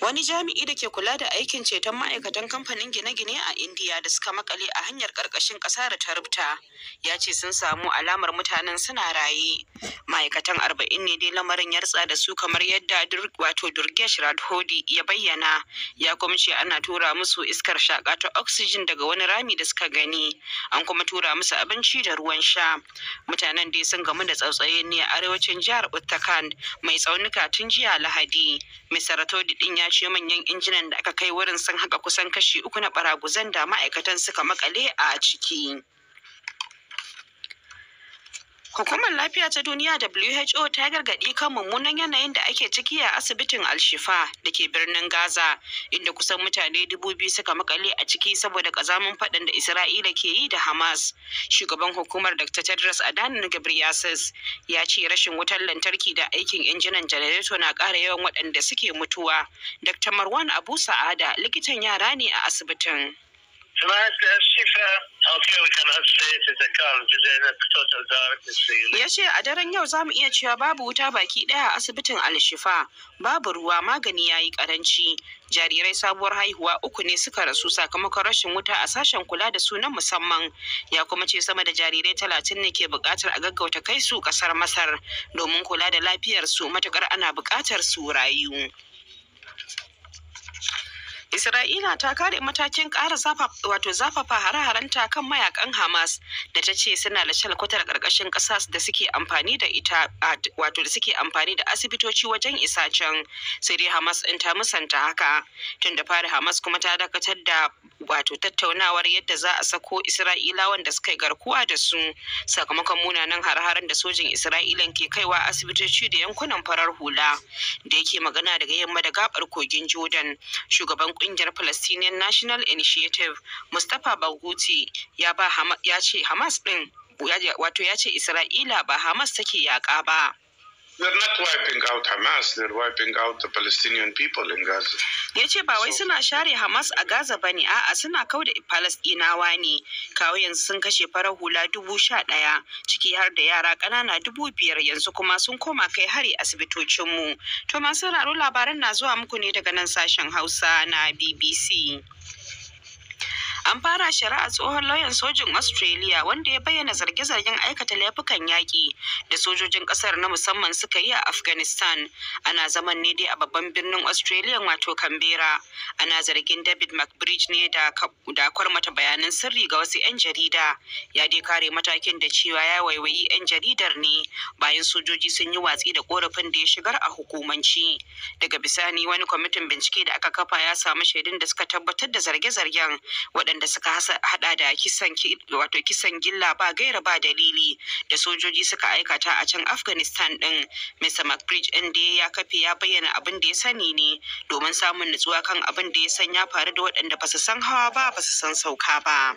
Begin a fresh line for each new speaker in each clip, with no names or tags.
wani jami'i da ke kula da aikin ceton ma'aikatan kamfanin gine-gine a indiya da suka makale a hanyar karkashin ƙasa da ta rubta ya ce sun samu alamar mutanen suna raye ma'aikatan arba'in ne dai lamarin ya da su kamar yadda wato durgesh radhodi ya bayyana ya kuma ce ana tura musu iskar shaka ta oxygen daga wani rami da suka gani an kuma tura musu abinci da ruwan sha mutanen dai sun gamu da tsautsaye ne a arewacin jihar uttarakhand mai tsaunuka tun jiya lahadi mai saratodi din ya ce manyan injinan da aka kai wurin sun haka kusan kashi uku na baraguzan da ma'aikatan suka makale a ciki. Hukumar Lafiya ta Duniya WHO ta gargaɗi kan mummunan yanayin da ake ciki a asibitin Alshifa da ke birnin Gaza, inda kusan mutane dubu biyu suka makale a ciki saboda ƙazamin faɗin da Isra'ila ke yi da Hamas. Shugaban hukumar Dr. Tedros Adhanom Ghebreyesus ya ce rashin wutar lantarki da aikin injinan janareto na ƙara yawan waɗanda suke mutuwa. Dr. Marwan Abu Sa'ada likitan yara ne a asibitin.
Eh, ya ce a
daren yau za mu iya cewa babu wuta baki daya a asibitin alshifa babu ruwa magani ya yi karanci jarirai sabuwar haihuwa uku ne suka rasu sakamakon rashin wuta a sashen kula da su na musamman ya kuma ce sama da jarirai talatin ne ke bukatar a gaggauta kai su kasar masar domin kula da lafiyar su matukar ana bukatar su rayu Isra'ila ta kare matakin ƙara wato zafafa hare-harenta kan mayakan Hamas da ta ce suna da shalkwatar ƙarƙashin ƙasa da suke amfani da ita wato da suke amfani da asibitoci wajen isa can sai dai Hamas in ta musanta haka tun da fari Hamas kuma ta dakatar da wato tattaunawar yadda za a sako Isra'ila wanda suka garkuwa da su sakamakon munanan hare-haren da sojin isra'ila ke kaiwa asibitoci da yankunan farar hula da yake magana daga yamma da gabar kogin Jordan shugaban kungiyar Palestinian National Initiative Mustapha Barghouti ya ce Hamas din wato ya ce Isra'ila ba Hamas take yaƙa ba. They're
not wiping out Hamas, they're wiping out the Palestinian people in Gaza.
Ya ce ba wai suna share Hamas a Gaza ba ne, a'a suna da palestinawa ne. Kawo yanzu sun kashe farar hula dubu sha ɗaya, ciki har da yara ƙanana dubu biyar yanzu kuma sun koma kai hari asibitocinmu. To masu raro labaran na zuwa muku ne daga nan sashen Hausa na BBC. an fara shari'a tsohon lauyan sojin australia wanda ya bayyana zarge-zargen aikata laifukan yaƙi da sojojin ƙasar na musamman suka yi a afghanistan ana zaman ne dai a babban birnin australia wato canberra ana zargin david mcbridge ne da dakwar mata bayanan sirri ga wasu 'yan jarida ya dai kare matakin da cewa ya waiwayi 'yan jaridar ne bayan sojoji sun yi watsi da korafin da ya shigar a hukumanci daga bisani wani kwamitin bincike da aka kafa ya samu shaidun da suka tabbatar da zarge-zargen waɗanda waɗanda suka hada da kisan wato kisan gilla ba gaira ba dalili da sojoji suka aikata a can afghanistan din mr mcbridge din da ya kafe ya bayyana abin da ya sani ne domin samun nutsuwa kan abin da ya san ya faru da waɗanda ba su san hawa ba ba su san sauka ba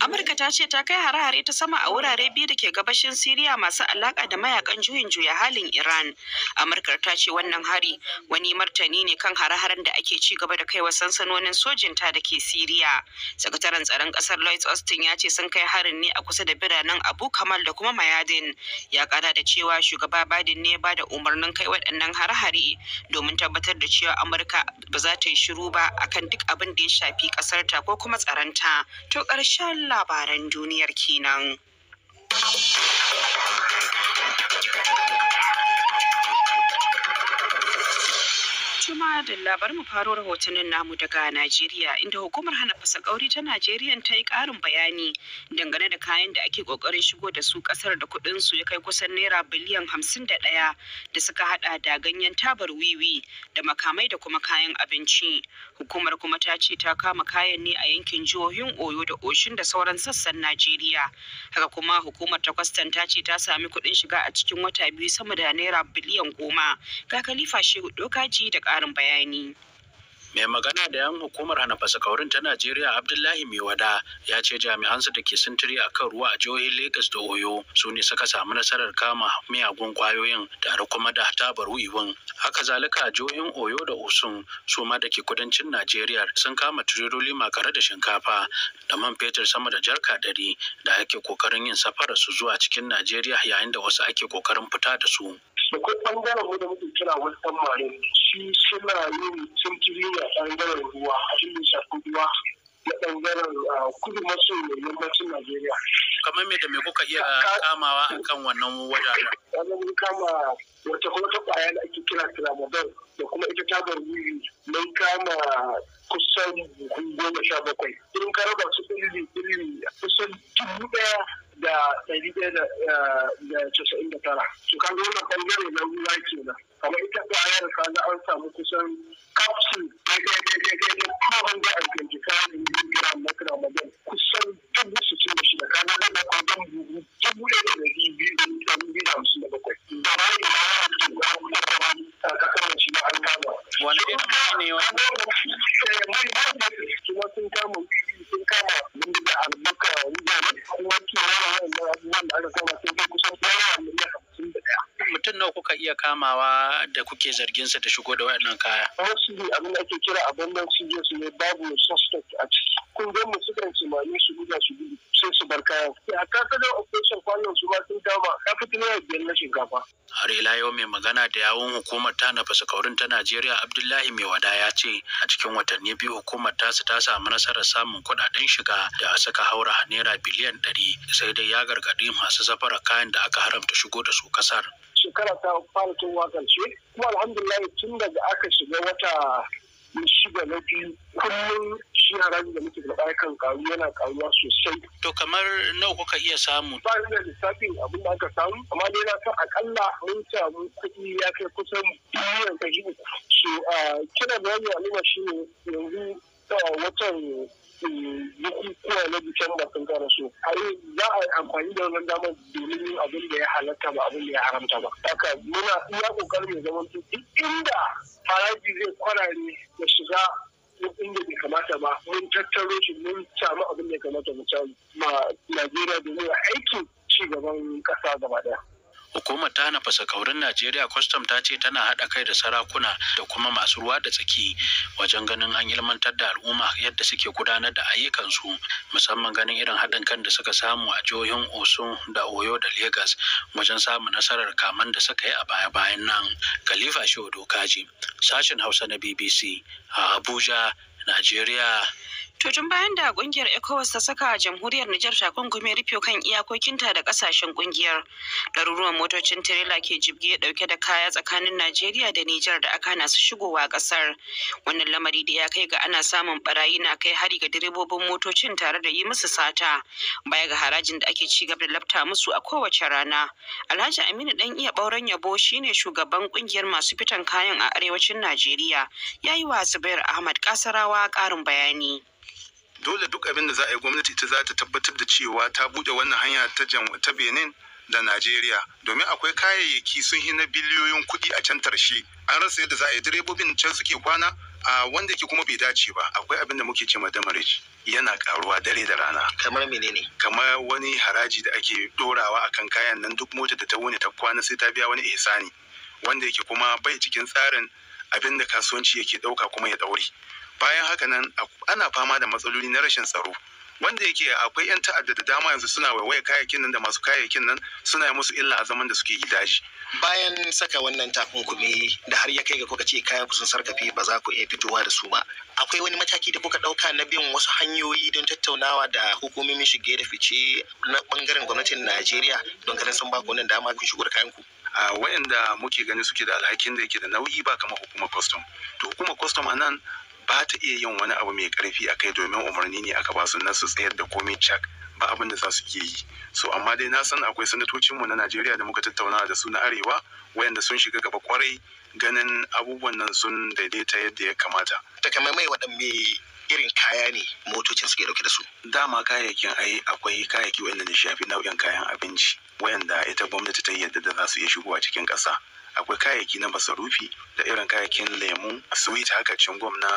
Amurka ta ce ta kai hare-hare ta sama a wurare biyu da ke gabashin Siriya masu alaka da mayakan juyin juya halin Iran. Amurka ta ce wannan hari wani martani ne kan hare-haren da ake ci gaba da kaiwa sansanonin sojin ta da ke Siriya. Sakataren tsaron kasar Lloyd Austin ya ce sun kai harin ne a kusa da biranen Abu Kamal da kuma Mayadin. Ya kara da cewa shugaba Biden ne ba da umarnin kai waɗannan hare-hare domin tabbatar da cewa Amurka ba za ta yi shiru ba akan duk abin da ya shafi ƙasarta ko kuma tsaronta. To ƙarshe ƙarshen labaran duniyar kenan. madalla labarin mu faro rahotannin namu daga Najeriya inda hukumar hana fasa kauri ta Najeriya ta yi karin bayani dangane da kayan da ake kokarin shigo da su kasar da kuɗin su ya kai kusan naira biliyan hamsin da ɗaya da suka hada da ganyen tabar wiwi da makamai da kuma kayan abinci. Hukumar kuma ta ce ta kama kayan ne a yankin jihohin Oyo da Oshin da sauran sassan Najeriya. Haka kuma hukumar ta kwastan ta ce ta sami kuɗin shiga a cikin wata biyu sama da naira biliyan goma. Ga Khalifa Shehu Dokaji da karin bayani. bayani.
mai magana da yan hukumar hana fasakaurin ta najeriya abdullahi mai wada ya ce jami'ansu da ke sintiri a kan ruwa a jihohin lagos da oyo su ne suka samu nasarar kama miyagun kwayoyin tare kuma da tabar wiwin haka zalika a jihohin oyo da osun su ma da ke kudancin najeriya sun kama tireroli makare da shinkafa da man fetur sama da jarka dari da ake kokarin yin safarar su zuwa cikin najeriya yayin da wasu ake kokarin fita
da su da kuma ɓangaren mu da muke kira wasu marine shi suna yin sintiri a ɓangaren ruwa a cikin shafin ruwa na ɓangaren ah, kudu maso yammacin najeriya
kamar me da me kuka iya
kamawa a kan wannan wajajen Kamar mun kama wata kuma ta ƙwaya da ake kira tramadol da kuma ita ta wiwi mun kama kusan goma sha bakwai in ka raba su ilimi a kusan dubu ɗaya da ɗari ɗaya eh, da casa'in da tara to wannan ɓangare na ruwa kenan kamar ita yara kaga an samu kusan capsule ɗaya ɗaya ɗaya ɗaya na two kusan dubu da da kwanan dubu ɗaya da ɗari biyu da biyu da hamsin da bakwai da da da Wani irin ne wani?
iya kamawa da kuke zargin sa da shigo da wannan kaya?
Wasu ne abin da ake kira abundant serious ne babu suspect a ciki. Kun ga mu sukan cimani su buga su gudu sai su bar kaya Ya ka kaga operation kwanan su ba sun kama ka ne biyar na shinkafa.
Har ila yau mai magana da yawun hukumar ta na fasakaurin ta Najeriya Abdullahi Mai Wada ya ce a cikin watanni biyu hukumar tasu ta samu nasarar samun kuɗaɗen shiga da suka haura naira biliyan ɗari sai dai ya gargaɗi masu zafara kayan da aka haramta shigo da su kasar
shekara ta fara tun wakance kuma alhamdulillah tun daga aka shiga wata shiga na biyu kullum shi haraji da muke da kan karu yana karuwa sosai. To kamar nawa kuka iya samu? Ba ni da lissafin abin da aka samu amma dai na san akalla mun samu kuɗi ya kai kusan biliyan ɗari uku. So ah, kiran da wani al'umma shi ne yanzu da watan eh, bukukuwa na kara so karaso. Ai za a yi amfani da wannan dama domin abin da ya halatta ba abin da ya haramta ba. Haka muna iya kokarin ya zama duk inda faraji zai ne da shiga duk inda bai kamata ba mun tattaro shi mun samu abin da ya kamata mu ma Najeriya domin aikin ci gaban kasa gaba daya. Hukumar ta hana
kaurin Najeriya kwastam ta ce tana haɗa kai da sarakuna da kuma masu ruwa da tsaki wajen ganin an ilmantar da al'umma yadda suke gudanar da ayyukansu musamman ganin irin haɗin kan da suka samu a jihohin Osun da Oyo da Legas wajen samun nasarar kaman da suka yi a baya-bayan nan. Khalifa Shehu Dokaji, sashen Hausa na BBC a Abuja, Najeriya.
To bayan da kungiyar ECOWAS ta saka jamhuriyar Nijar takunkumin rufe kan iyakokinta da kasashen kungiyar. Ɗaruruwan motocin tirela ke jibge ɗauke da kaya tsakanin Najeriya da Nijar da aka hana su shigowa ƙasar. Wannan lamari da ya kai ga ana samun barayi na kai hari ga direbobin motocin tare da yi musu sata. Baya ga harajin da ake ci gaba da lafta musu a kowace rana. Alhaji Aminu dan iya bauren yabo shine shugaban kungiyar masu fitan kayan a arewacin Najeriya. Ya yi wa Zubair Ahmad Kasarawa ƙarin bayani.
dole duk abin da za a yi gwamnati ita za ta tabbatar da cewa ta buɗe wannan hanya ta ta benin da najeriya domin akwai kayayyaki sun yi na biliyoyin kuɗi a can tarshe an rasa yadda za a yi direbobin can suke kwana a wanda ke kuma bai dace ba akwai abin da muke ce madamarij yana karuwa dare da rana kamar menene kamar wani haraji da ake dorawa akan kayan nan duk mota da ta wuni ta kwana sai ta biya wani ihsani wanda yake kuma bai cikin tsarin abin da kasuwanci yake ɗauka kuma ya ɗaure bayan haka nan ana fama da matsaloli na rashin tsaro wanda yake akwai 'yan ta'adda da dama yanzu suna waiwaye kayayyakin nan da masu kayayyakin nan suna musu illa a zaman da suke yi daji. Bayan saka wannan takunkumi da har ya kai ga kuka ce kayan sun sarkafe ba za ku iya fitowa da su ba. Akwai wani mataki da kuka ɗauka na bin wasu hanyoyi don tattaunawa da hukumomin shige da fice na bangaren gwamnatin Najeriya don ganin sun ba ku wannan dama kun shigo da kayan ku. a wayanda muke gani suke da alhakin da yake da nauyi ba kamar hukumar custom to hukumar custom a nan ba ta iya yin wani abu mai karfi a kai domin umarni ne aka ba su na su tsayar da komai cak ba abin da za su iya yi so amma dai na san akwai sanatocin mu na Najeriya da muka tattauna da su na arewa wayanda sun shiga gaba kwarai ganin abubuwan nan sun daidaita yadda ya kamata takamaimai waɗanne me irin kaya ne motocin suke dauke da su dama kayayyakin ai akwai kayayyaki wanda ne shafi nau'in kayan abinci wayanda ita gwamnati ta yi yadda da za su iya shigowa cikin ƙasa akwai kayayyaki na masarufi da irin kayayyakin lemu sweet haka cingom na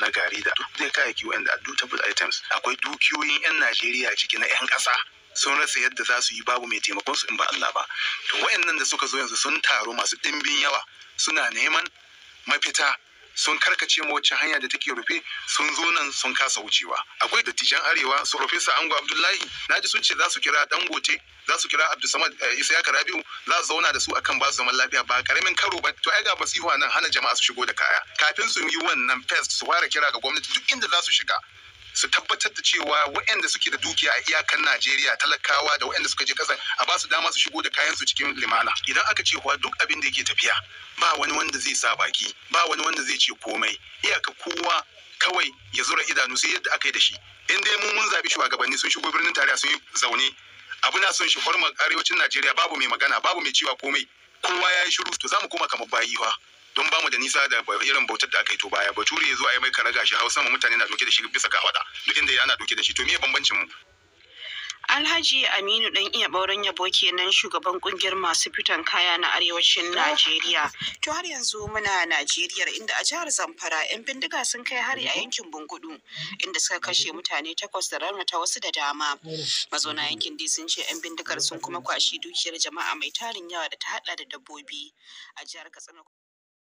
na gari da duk dai kayayyaki wanda adutable items akwai dukiyoyin 'yan Najeriya ciki na 'yan ƙasa sun rasa yadda za su yi babu mai taimakon su in ba Allah ba to wayannan da suka zo yanzu sun taro masu ɗimbin yawa suna neman mafita sun karkace mu wacce hanya da take rufe sun zo nan sun kasa wucewa akwai dattijan arewa su profesa ango abdullahi naji sun ce za su kira dangote za su kira abdulsamad eh, isiyaka rabiu za su zauna da su akan ba su zaman lafiya ba karamin karo ba to ai ga basihu nan hana jama'a su shigo da kaya kafin su yi wannan fest su fara kira ga gwamnati duk inda za su shiga su tabbatar da cewa waɗanda suke da dukiya a iyakan Najeriya talakawa da waɗanda suka je ƙasar a ba su dama su shigo da kayan su cikin limana idan aka ce kuwa duk abin da yake tafiya ba wani wanda zai sa baki ba wani wanda zai ce komai iyaka kowa kawai ya zura idanu sai yadda aka yi da shi in dai mun mun zabi shugabanni sun shigo birnin tarayya sun yi zaune abu na son shi farmar arewacin Najeriya babu mai magana babu mai cewa komai kowa ya yi shiru to za mu koma kamar bayiwa. don bamu da nisa da irin bautar da aka yi to baya bature zuwa ya mai karaga gashi hausa mu mutane na doke da shi bisa wada duk inda yana doke da shi to me bambancin mu
Alhaji Aminu dan iya bauren yabo kenan shugaban kungiyar masu fitan kaya na arewacin Najeriya. To har yanzu muna Najeriya inda a jihar Zamfara 'yan bindiga sun kai hari a yankin Bungudu inda suka kashe mutane takwas da rana ta wasu da dama. Mazauna yankin dai sun ce 'yan bindigar sun kuma kwashi dukiyar jama'a mai tarin yawa da ta hada da dabbobi a jihar Katsina.